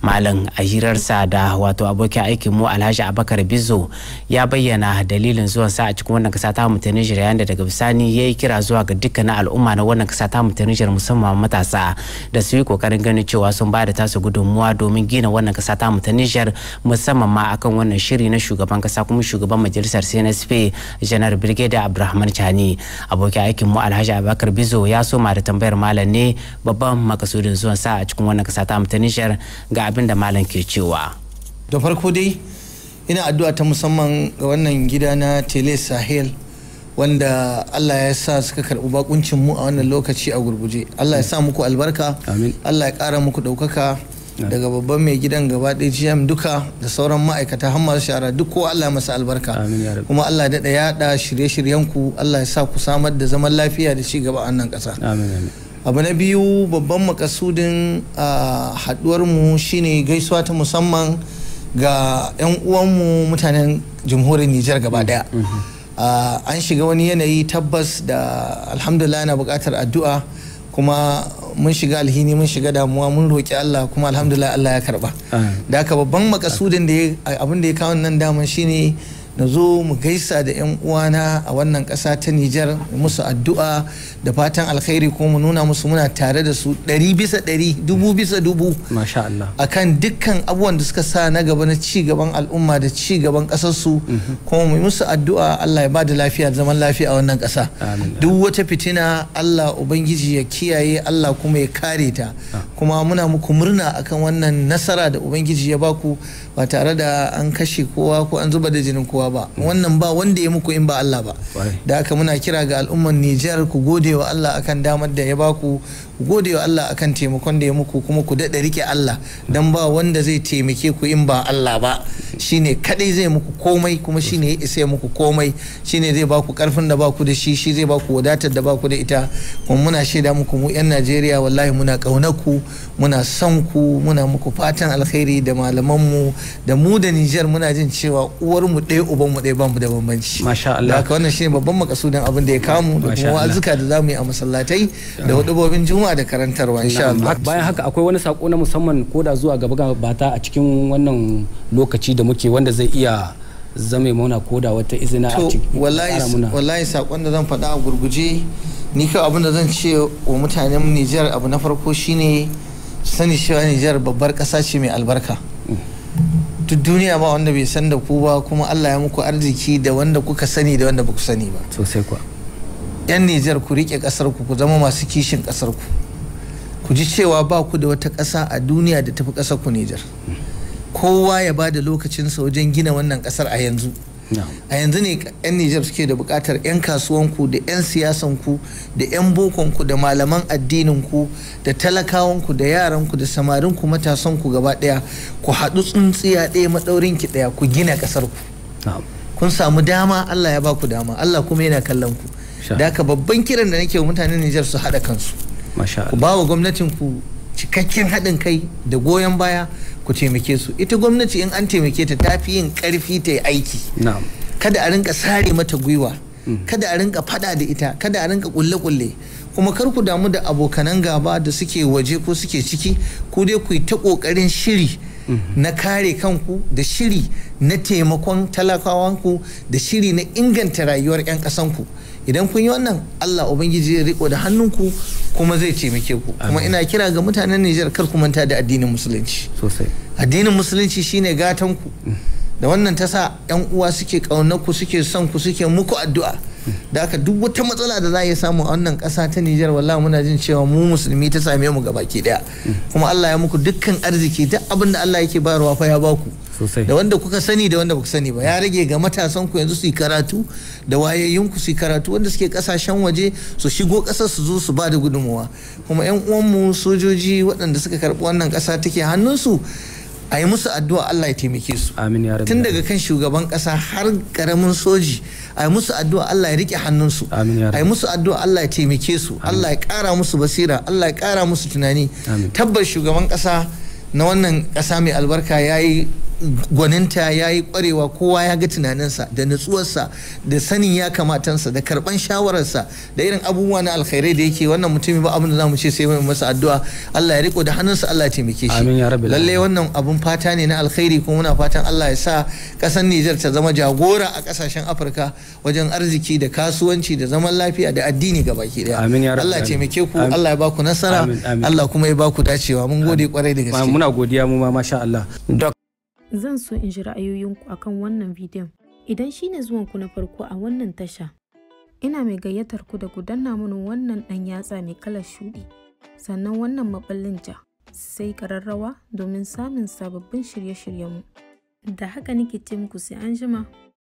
malam a hirarsa da wato abokin aikin mu alhaji abakar bizo ya bayyana dalilin zuwan sa a cikin wannan kasa ta mutanen nijar yayin da daga bisani ya yi kira zuwa ga dukkanin al'umma na wannan kasa ta nijar musamman matasa da su yi kokarin ganin cewa sun ba da tasu gudunmuwa domin gina wannan kasa ta nijar musamman ma akan wannan shiri na shugaban kasa kuma shugaban majalisar cnsp janar Birgeda abdulrahman chani abokin aikin mu alhaji abakar bizo ya soma da tambayar malam ne babban makasudin zuwan sa a cikin wannan kasa ta mutanen nijar ga abin da malam ke cewa da farko dai ina addu'a ta musamman ga wannan gida na tele sahel wanda Allah ya sa suka karɓi bakuncin mu a wannan lokaci a gurguje Allah ya sa muku albarka Allah ya ƙara muku ɗaukaka daga babban mai gidan gaba ɗaya GM duka da sauran ma'aikata har masu shara duk kowa Allah ya masa albarka kuma Allah ya daɗa yaɗa shirye-shiryen ku Allah ya sa ku samar da zaman lafiya da ci gaba a wannan ƙasa abu na biyu babban makasudin haduwar mu shine gaisuwa ta musamman ga 'yan uwanmu mutanen jamhuriyar nijar gaba daya mm-hmm. an shiga wani yanayi tabbas da alhamdulillah na bukatar addu'a kuma mun shiga alhini mun shiga damuwa mun roƙi Allah kuma alhamdulillah Allah ya karba da haka babban makasudin da abin da ya kawo nan daman shine na zo mu gaisa da 'yan uwana a wannan ƙasa ta Nijar musu addu'a da fatan alkhairi ko mu nuna musu muna tare da su ɗari bisa ɗari dubu bisa dubu a kan dukkan abubuwan da suka sa na gaba na ci gaban al'umma da ci gaban ƙasarsu mhm. ko mu musu addu'a Allah ya ba da lafiya zaman lafiya a wannan ƙasa duk wata fitina Allah ubangiji ya kiyaye Allah kuma ya kare ta ah. kuma muna muku murna akan wannan nasara da ubangiji ya baku ba tare da an kashe kowa ko an zuba da jinin kowa ba wannan ba wanda ya muku in ba Allah ba da haka muna kira ga al'ummar Nijar ku gode wa Allah akan damar da ya baku gode wa Allah akan taimakon da ya muku kuma ku daɗa rike Allah don ba wanda zai taimake ku in ba Allah ba shine kaɗai zai muku komai kuma shine ya isa muku komai shine zai baku karfin da baku da shi shi zai ba wadatar da baku da ita kuma muna shaida muku mu yan Najeriya wallahi muna kaunaku ku muna son ku muna muku fatan alkhairi da malaman mu da mu da Niger muna jin cewa uwar mu ɗaya uban mu ɗaya ba mu da bambanci masha Allah haka wannan shine babban makasudin abin da ya kamu da kuma wa'azuka da zamu yi a masallatai da hudubobin juma'a zuwa da karantarwa insha Allah bayan haka akwai wani sako na musamman ko da zuwa gaba ga bata a cikin wannan lokaci da muke wanda zai iya zame mauna ko da wata izina a cikin wallahi sakon da zan faɗa a gurguje ni kawai abin da zan ce wa mutanen Nijar abu na farko shine sani cewa Nijar babbar ƙasa ce mai albarka duk duniya ba wanda bai san da ku ba kuma Allah ya muku arziki da wanda kuka sani da wanda ba sani ba sosai kuwa 'yan nijar ku rike kasar ku ku zama masu kishin kasar ku ku ji cewa ba ku da wata kasa a duniya da tafi kasar ku nijar kowa ya ba da lokacinsa wajen gina wannan ƙasar a yanzu a yanzu ne 'yan nijar suke da bukatar 'yan ku da 'yan siyasan ku da 'yan bokonku da malaman addinin ku da talakawanku da yaranku da samarinku ku gaba daya ku haɗu tsuntsiya ɗaya ki daya ku gina kasar ku. kun samu dama allah ya ba ku dama allah kuma yana kallon ku da haka babban kiran da nake mutanen Nijar su haɗa kansu ku ba wa gwamnatin ku cikakken haɗin kai da goyon baya ku taimake su ita gwamnati in an taimake ta tafi yin ƙarfi ta yi aiki kada a rinka sare mata gwiwa mm. kada a rinka faɗa da ita kada a rinka kulle-kulle kuma kar ku damu da abokanan gaba da suke waje ko suke ciki ku dai ku yi ta ƙoƙarin shiri na kare kanku da shiri na taimakon talakawanku da shiri na inganta rayuwar 'yan ƙasanku idan kun yi wannan Allah Ubangiji zai riko da hannunku kuma zai taimake ku kuma ina kira ga mutanen Nijar kar ku manta da addinin musulunci addinin musulunci shine gatanku ku mm. da wannan ta sa 'yan uwa suke ƙaunar ku suke son ku suke muku addu'a da aka duk wata matsala da za a iya samu a wannan ƙasa ta Nijar wallahi muna jin cewa mu musulmi ta same mu ga baki daya kuma Allah ya muku dukkan arziki duk abinda Allah yake bayarwa fa ya baku da wanda kuka sani da wanda kuka sani ba ya rage ga matasan ku yanzu su yi karatu da wayayyun ku su yi karatu wanda suke kasashen waje su shigo kasar su zo su bada da gudunmuwa kuma yan uwanmu sojoji waɗanda suka karɓi wannan ƙasa take hannunsu a yi musu addu'a Allah ya taimake su tun daga kan shugaban kasa har karamin soji a yi musu addu'a Allah ya rike hannunsu a yi musu addu'a Allah ya taimake su Allah ya kara musu basira Allah ya kara musu tunani tabbas shugaban kasa na wannan kasa mai albarka ya yi gwaninta ya yi kwarewa kowa ya ga tunaninsa da nutsuwarsa da sanin ya kamatansa da karban shawararsa da irin abubuwa na alkhairai da yake wannan mutumin ba abin da mu ce sai mai masa addu'a Allah ya riko da hannunsa Allah ya taimake shi amin ya rabbi lalle wannan abun fata ne na alkhairi kuma muna fatan Allah ya sa kasar Niger ta zama jagora a kasashen Afirka wajen arziki da kasuwanci da zaman lafiya da addini ki daya amin ya rabbi Allah ya taimake ku Allah ya baku nasara Allah kuma ya baku dacewa mun gode kwarai da gaske muna godiya mu ma masha Allah Zan so in ji ra'ayoyinku akan wannan bidiyon. Idan shi ne zuwanku na farko a wannan tasha, ina mai gayyatar ku da ku danna mini wannan ɗan yatsa mai kalar shuɗi, sannan wannan maɓallin ja, sai ƙararrawa domin samun sababbin shirye-shiryenmu. Da haka nake ce muku sai an jima.